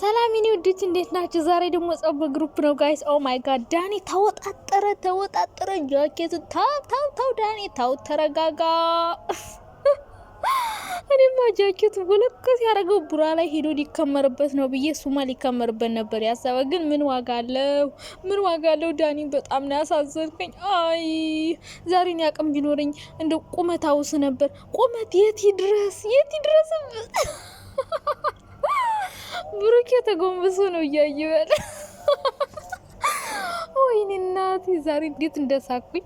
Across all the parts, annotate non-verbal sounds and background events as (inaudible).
ሰላም የኔ ውዶች እንዴት ናችሁ? ዛሬ ደግሞ ጸብ ግሩፕ ነው ጋይስ። ኦ ማይ ጋድ ዳኒ ተወጣጠረ ተወጣጠረ። ጃኬት ታው ታው ታው። ዳኒ ታው ተረጋጋ። (laughs) እኔማ ጃኬቱ ብልክት ያደረገው ቡራ ላይ ሄዶ ሊከመርበት ነው ብዬ እሱማ ሊከመርበት ነበር ያሰበ። ግን ምን ዋጋ አለው? ምን ዋጋ አለው? ዳኒ በጣም ነው ያሳዘንከኝ። አይ ዛሬን ያቅም ቢኖረኝ እንደ ቁመት አውስ ነበር። ቁመት የት ይድረስ? የት ይድረስ? (laughs) ብሩኬ ተጎንብሶ ነው እያየሁ ያለ። ወይኔ እናቴ ዛሬ እንዴት እንደሳኩኝ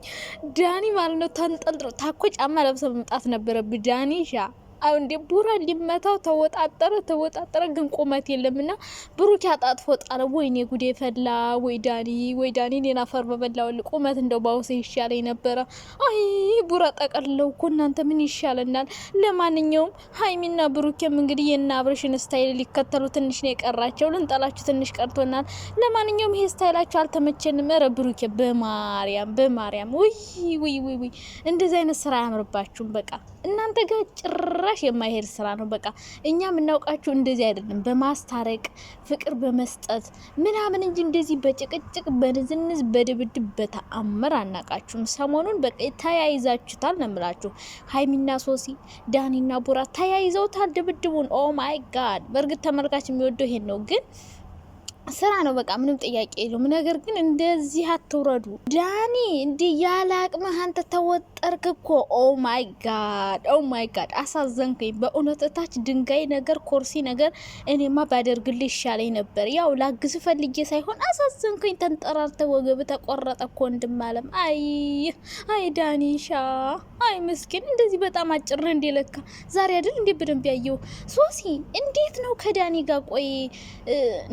ዳኒ ማለት ነው። ተንጠልጥሎ ታኮ ጫማ ለብሰ መምጣት ነበረብ ዳኒ ሻ እንደ ቡራ ሊመታው ተወጣጠረ ተወጣጠረ፣ ግን ቁመት የለም እና ብሩክ ያጣጥፎ ጣለ። ወይኔ ጉዴ ፈላ። ወይ ዳኒ ወይ ዳኒ ሌና ፈር በበላውል ቁመት እንደው ባውሴ ይሻለ ነበረ። አይ ቡራ ጠቀለው እኮ እናንተ ምን ይሻለናል? ለማንኛውም ሀይሚና ብሩኬም እንግዲህ የና አብረሽን ስታይል ሊከተሉ ትንሽ ነው የቀራቸው። ልንጠላችሁ ትንሽ ቀርቶናል። ለማንኛውም ይሄ ስታይላቸው አልተመቸንም። ረ ብሩኬ በማርያም በማርያም ውይ ውይ ውይ፣ እንደዚህ አይነት ስራ አያምርባችሁም በቃ እናንተ ጋር ጭራሽ የማይሄድ ስራ ነው። በቃ እኛ የምናውቃችሁ እንደዚህ አይደለም፣ በማስታረቅ ፍቅር በመስጠት ምናምን እንጂ እንደዚህ በጭቅጭቅ በንዝንዝ በድብድብ በተአምር አናቃችሁም። ሰሞኑን በቃ ተያይዛችሁታል ነው የምላችሁ። ሀይሚና ሶሲ፣ ዳኒና ቡራ ተያይዘውታል ድብድቡን። ኦ ማይ ጋድ! በእርግጥ ተመልካች የሚወደው ይሄን ነው ግን ስራ ነው። በቃ ምንም ጥያቄ የለውም። ነገር ግን እንደዚህ አትውረዱ። ዳኒ እንዲህ ያለ አቅምህ አንተ ተወጥ ጠርግ እኮ ኦ ማይ ጋድ ኦ ማይ ጋድ አሳዘንከኝ በእውነት እታች ድንጋይ ነገር ኮርሲ ነገር እኔማ ባደርግልህ ይሻለኝ ነበር ያው ላግዝ ፈልጌ ሳይሆን አሳዘንከኝ ተንጠራርተ ወገብ ተቆረጠ እኮ ወንድም አለም አይ አይ ዳኒሻ አይ ምስኪን እንደዚህ በጣም አጭር ለካ ዛሬ አይደል እንዴ በደንብ ያየው ሶሲ እንዴት ነው ከዳኒ ጋር ቆይ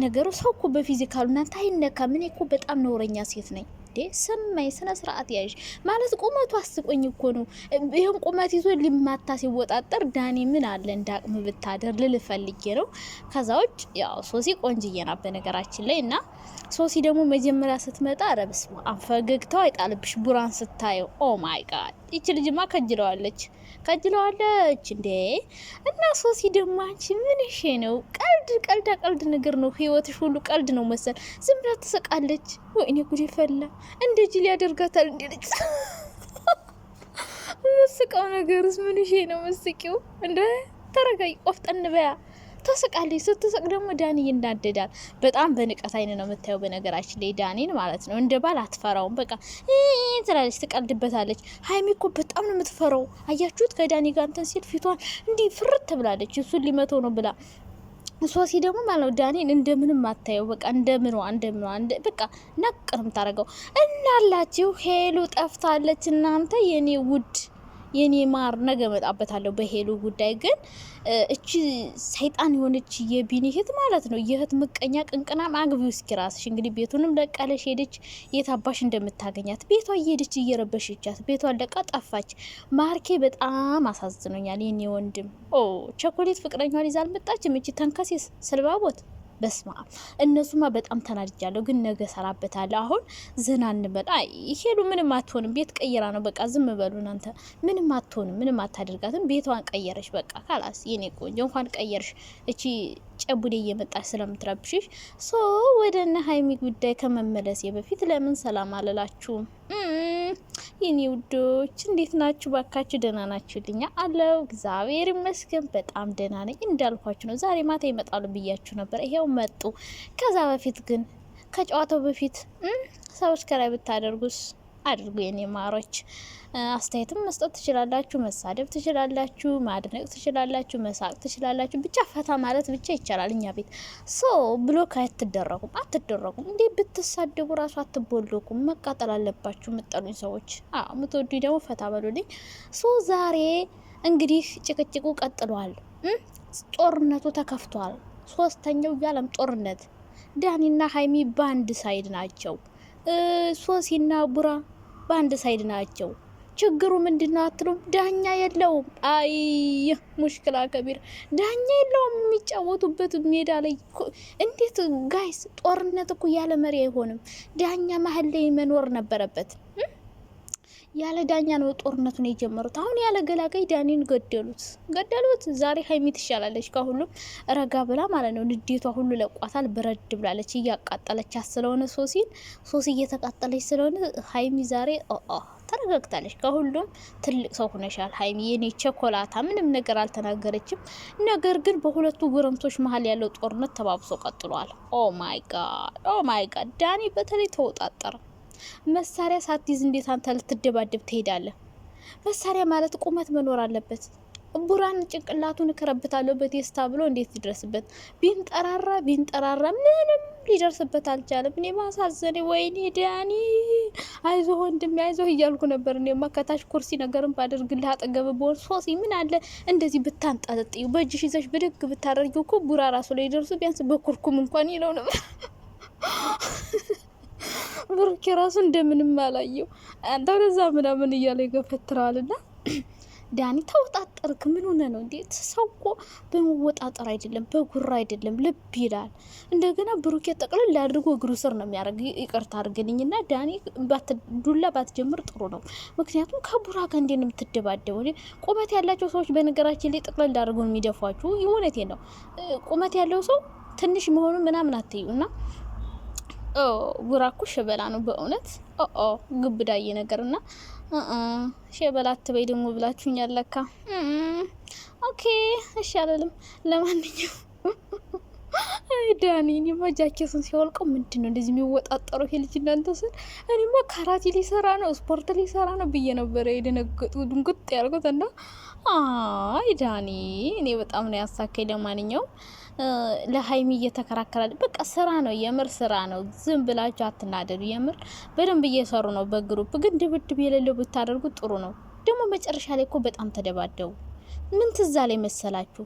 ነገሩ ሰው እኮ በፊዚካሉ እናንተ አይነካም እኔ እኮ በጣም ነውረኛ ሴት ነኝ እንዴ ሰማይ ስነ ስርዓት ያዥ ማለት ቁመቱ አስቆኝ እኮ ነው። ይህን ቁመት ይዞ ሊማታ ሲወጣጠር ዳኒ ምን አለ እንዳቅም ብታደር ልልፈልጌ ነው። ከዛ ውጭ ያው ሶሲ ቆንጅዬ ናት በነገራችን ላይ እና ሶሲ ደግሞ መጀመሪያ ስትመጣ ረብስ አንፈገግተው አይጣልብሽ ቡራን ስታየው ኦ ማይ ጋድ ይች ልጅማ ከጅለዋለች ከጅለዋለች እንዴ እና ሶሲ ደግሞ አንቺ ምን ሽ ነው ቀልድ ቀልዳ ቀልድ ነገር ነው ህይወትሽ ሁሉ ቀልድ ነው መሰል ዝም ብላ ትስቃለች ወይኔ ጉድ ፈላ እንደ ጅል ያደርጋታል። እንደ መስቀው መስቃው ነገርስ ምን ሼ ነው መስቂው? እንደ ተረጋይ ቆፍጠን በያ ትስቃለች። ስትስቅ ደግሞ ዳኒ ይናደዳል። በጣም በንቀት አይን ነው የምታየው። በነገራችን ላይ ዳኒን ማለት ነው እንደ ባል አትፈራውም። በቃ ትላለች፣ ትቀልድበታለች። ሀይሚ እኮ በጣም ነው የምትፈራው። አያችሁት? ከዳኒ ጋር እንትን ሲል ፊቷን እንዲህ ፍርት ብላለች። እሱን ሊመተው ነው ብላ ሶሲ ደግሞ ማለት ነው ዳኒን እንደምንም አታየው። በቃ እንደምኗ እንደምኗ በቃ ነው የምታደርገው እናላችሁ ሄሉ ጠፍታለች። እናንተ የኔ ውድ የኔ ማር ነገ እመጣበታለሁ። በሄሉ ጉዳይ ግን እቺ ሰይጣን የሆነች የቢኒ እህት ማለት ነው የእህት ምቀኛ ቅንቅናን አግቢው እስኪ ራስሽ። እንግዲህ ቤቱንም ለቃለሽ ሄደች። የት አባሽ እንደምታገኛት ቤቷ እየሄደች እየረበሸቻት ቤቷ ለቃ ጠፋች። ማርኬ በጣም አሳዝኖኛል የኔ ወንድም። ኦ ቸኮሌት ፍቅረኛዋን ይዛ አልመጣችም። እቺ ተንከሴስ ስልባቦት በስማ እነሱማ በጣም ተናድጃለሁ፣ ግን ነገ ሰራበታለሁ። አሁን ዘና እንበል። አይ ሄሉ ምንም አትሆንም፣ ቤት ቀይራ ነው። በቃ ዝም በሉ እናንተ። ምንም አትሆንም፣ ምንም አታደርጋትም። ቤቷን ቀየረች፣ በቃ ካላስ። የኔ ቆንጆ እንኳን ቀየርሽ። እቺ ጨቡዴ እየመጣች ስለምትረብሽሽ ሶ ወደ እነ ሀይሚ ጉዳይ ከመመለሴ በፊት ለምን ሰላም አልላችሁም? የኔ ውዶች እንዴት ናችሁ? ባካችሁ ደህና ናችሁልኛ? አለው እግዚአብሔር ይመስገን በጣም ደህና ነኝ። እንዳልኳችሁ ነው ዛሬ ማታ ይመጣሉ ብያችሁ ነበር፣ ይሄው መጡ። ከዛ በፊት ግን ከጨዋታው በፊት ሰብስክራይብ ብታደርጉስ አድርጉ የኔ ማሮች። አስተያየትም መስጠት ትችላላችሁ፣ መሳደብ ትችላላችሁ፣ ማድነቅ ትችላላችሁ፣ መሳቅ ትችላላችሁ። ብቻ ፈታ ማለት ብቻ ይቻላል። እኛ ቤት ሶ ብሎክ አትደረጉም አትደረጉም። እንዴ ብትሳደቡ ራሱ አትቦሎኩም። መቃጠል አለባችሁ የምጠሉኝ ሰዎች። አዎ የምትወዱኝ ደግሞ ፈታ በሉልኝ። ሶ ዛሬ እንግዲህ ጭቅጭቁ ቀጥሏል። ጦርነቱ ተከፍቷል። ሶስተኛው የዓለም ጦርነት ዳኒና ሀይሚ በአንድ ሳይድ ናቸው። ሶሲና ቡራ በአንድ ሳይድ ናቸው። ችግሩ ምንድን ነው አትሉም? ዳኛ የለውም። አይ ሙሽክላ ከቢር ዳኛ የለውም። የሚጫወቱበት ሜዳ ላይ እንዴት ጋይስ! ጦርነት እኮ ያለ መሪ አይሆንም። ዳኛ መሀል ላይ መኖር ነበረበት። ያለ ዳኛ ነው ጦርነቱን የጀመሩት። አሁን ያለ ገላጋይ ዳኒን ገደሉት ገደሉት። ዛሬ ሀይሚ ትሻላለች ከሁሉም ረጋ ብላ ማለት ነው። ንዴቷ ሁሉ ለቋታል። ብረድ ብላለች። እያቃጠለቻት ስለሆነ ሶሲን ሶሲ እየተቃጠለች ስለሆነ ሀይሚ ዛሬ ተረጋግታለች። ከሁሉም ትልቅ ሰው ሆነሻል ሀይሚ። የኔ ቸኮላታ ምንም ነገር አልተናገረችም። ነገር ግን በሁለቱ ጎረምሶች መሀል ያለው ጦርነት ተባብሶ ቀጥሏል። ኦ ማይ ጋድ ኦ ማይ ጋድ ዳኒ በተለይ ተወጣጠረ። መሳሪያ ሳትይዝ እንዴት አንተ ልትደባደብ ትሄዳለህ? መሳሪያ ማለት ቁመት መኖር አለበት። ቡራን ጭንቅላቱን እከረብታለሁ በቴስታ ብሎ እንዴት ይድረስበት? ቢንጠራራ ቢንጠራራ ምንም ሊደርስበት አልቻለም። እኔ ማሳዘኔ፣ ወይኔ ዳኒ አይዞ ወንድሜ አይዞ እያልኩ ነበር። እኔማ ከታች ኩርሲ ነገርን ባደርግልህ አጠገብ በሆን ሶሲ ምን አለ እንደዚህ ብታንጣጥዩ በእጅሽ ይዘሽ ብድግ ብታደርጊው እኮ ቡራ ራሱ ላይ ደርሱ ቢያንስ በኩርኩም እንኳን ይለው ነበር። ብሩኬ ራሱ እንደምንም አላየው። አንተ ወደዛ ምናምን እያለ ይገፈትራል ና (clears throat) ዳኒ ተወጣጠርክ። ምን ሆነ ነው እንዴት ሰው እኮ በመወጣጠር አይደለም በጉራ አይደለም ልብ ይላል። እንደገና ብሩኬ ጠቅልል አድርጎ እግሩ ስር ነው የሚያደርግ። ይቅርታ አድርግልኝ ና ዳኒ፣ ዱላ ባትጀምር ጥሩ ነው። ምክንያቱም ከቡራ ጋር እንዴ ነው የምትደባደበው? ቁመት ያላቸው ሰዎች በነገራችን ላይ ጠቅልል አድርጎ የሚደፏችሁ፣ እውነቴ ነው። ቁመት ያለው ሰው ትንሽ መሆኑን ምናምን አትዩ እና ቡራኩ ሸበላ ነው በእውነት ኦ ግብዳዬ ነገር ሸበላ አትበይ ደግሞ ብላችሁኛል ለካ። ኦኬ እሺ አልልም። ለማንኛውም ዳኒ እኔማ ጃኬቱን ሲያወልቀው ምንድን ነው እንደዚህ የሚወጣጠረው ይሄ ልጅ? እናንተ ስል እኔማ ካራቴ ሊሰራ ነው ስፖርት ሊሰራ ነው ብዬ ነበረ የደነገጡ ድንጉጥ ያልኩት እና አይ ዳኒ እኔ በጣም ነው ያሳካኝ። ለማንኛውም ለሀይሚ እየተከራከራል። በቃ ስራ ነው የምር ስራ ነው። ዝም ብላችሁ አትናደዱ። የምር በደንብ እየሰሩ ነው። በግሩፕ ግን ድብድብ የሌለው ብታደርጉ ጥሩ ነው። ደግሞ መጨረሻ ላይ እኮ በጣም ተደባደቡ። ምን ትዛ ላይ መሰላችሁ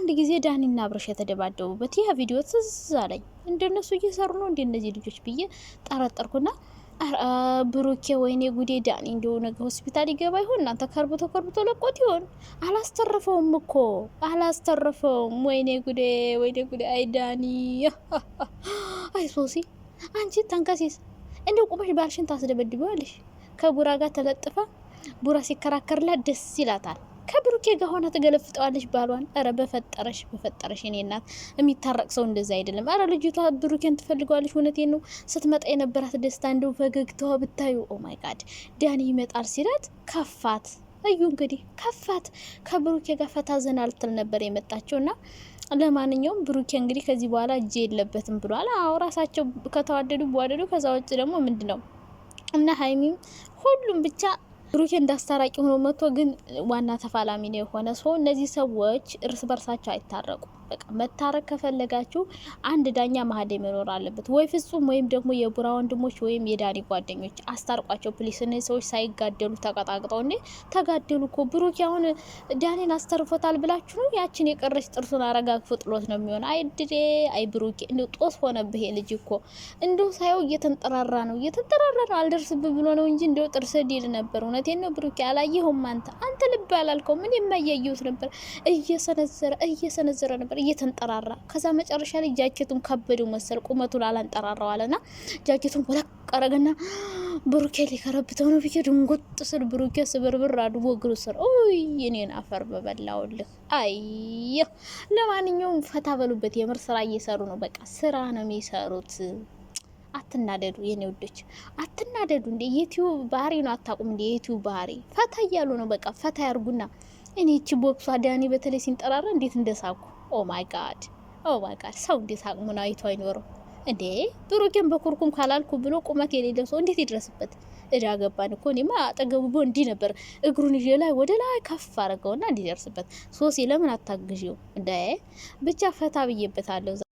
አንድ ጊዜ ዳኒና አብረሽ የተደባደቡበት ያ ቪዲዮ ትዝ አለኝ። እንደነሱ እየሰሩ ነው እንደ እነዚህ ልጆች ብዬ ጠረጠርኩና ብሩኬ ወይኔ ጉዴ፣ ዳኒ እንዲሁ ነገ ሆስፒታል ይገባ ይሆን? እናንተ ከርብቶ ከርብቶ ለቆት ይሆን? አላስተረፈውም እኮ አላስተረፈውም። ወይኔ ጉዴ፣ ወይኔ ጉዴ። አይ ዳኒ፣ (laughs) አይ ሶሲ፣ አንቺ ተንከሲስ፣ እንደ ቁመሽ ባልሽን ታስደበድበዋለሽ። ከቡራ ጋር ተለጥፈ ቡራ ሲከራከርላት ደስ ይላታል። ከብሩኬ ጋር ሆና ትገለፍጠዋለች ባሏን። ኧረ በፈጠረሽ በፈጠረሽ እኔ እናት የሚታረቅ ሰው እንደዚ አይደለም። ኧረ ልጅቷ ብሩኬን ትፈልገዋለች። እውነቴን ነው። ስትመጣ የነበራት ደስታ እንደው ፈገግታዋ ብታዩ ኦ ማይ ጋድ ዳኒ ይመጣል ሲላት ከፋት። እዩ እንግዲህ ከፋት። ከብሩኬ ጋር ፈታ ዘና ልትል ነበር የመጣቸውና ለማንኛውም ብሩኬ እንግዲህ ከዚህ በኋላ እጄ የለበትም ብሏል። አዎ ራሳቸው ከተዋደዱ በዋደዱ። ከዛ ውጭ ደግሞ ምንድን ነው እና ሀይሚም ሁሉም ብቻ ብሩኬ እንዳስታራቂ ሆኖ መጥቶ ግን ዋና ተፋላሚ ነው የሆነ ሰው። እነዚህ ሰዎች እርስ በርሳቸው አይታረቁ በቃ መታረቅ ከፈለጋችሁ አንድ ዳኛ መሀል መኖር አለበት። ወይ ፍጹም ወይም ደግሞ የቡራ ወንድሞች ወይም የዳኒ ጓደኞች አስታርቋቸው ፕሊስ። እነዚህ ሰዎች ሳይጋደሉ ተቀጣቅጠው እኔ ተጋደሉ እኮ ብሩክ አሁን ዳኒን አስተርፎታል ብላችሁ ነው። ያችን የቀረች ጥርሱን አረጋግፎ ጥሎት ነው የሚሆን። አይድዴ አይ ብሩኬ፣ እንዲ ጦስ ሆነብህ ልጅ እኮ እንዲሁ ሳየው እየተንጠራራ ነው እየተንጠራራ ነው። አልደርስብህ ብሎ ነው እንጂ እንዲው ጥርስ ዲል ነበር። እውነቴን ነው ብሩኬ፣ አላየሁም። አንተ አንተ ልብ አላልከው ምን የማያየሁት ነበር። እየሰነዘረ እየሰነዘረ ነበር ነገር እየተንጠራራ ከዛ መጨረሻ ላይ ጃኬቱን ከበደው መሰል ቁመቱን አላንጠራራው አለና ጃኬቱን ወለቅ አረገና ብሩኬ ሊከረብተው ነው ብዬ ድንጎጥ ስል ብሩኬ ስብርብር አድቦ እግሩ ስር ይ እኔን አፈር በበላውልህ። አየ ለማንኛውም ፈታ በሉበት። የምር ስራ እየሰሩ ነው። በቃ ስራ ነው የሚሰሩት። አትናደዱ የኔ ውዶች፣ አትናደዱ። እንደ ዩቲዩብ ባህሪ ነው። አታቁም እንደ ዩቲዩብ ባህሪ ፈታ እያሉ ነው። በቃ ፈታ ያርጉና እኔ እቺ ቦክሷ ዳኒ በተለይ ሲንጠራራ እንዴት እንደሳኩ ኦ ማይ ጋድ ኦ ማይ ጋድ! ሰው እንዴት አቅሙን አይቶ አይኖርም እንዴ? ብሩኬን በኩርኩም ካላልኩ ብሎ ቁመት የሌለው ሰው እንዴት ይድረስበት? እዳ ገባን እኮ እኔማ አጠገቡ ቦ እንዲህ ነበር። እግሩን ይዤ ላይ ወደ ላይ ከፍ አድርገውና እንዲደርስበት ሶሲ ለምን አታግዢው? እንደ ብቻ ፈታ ብዬበታለሁ።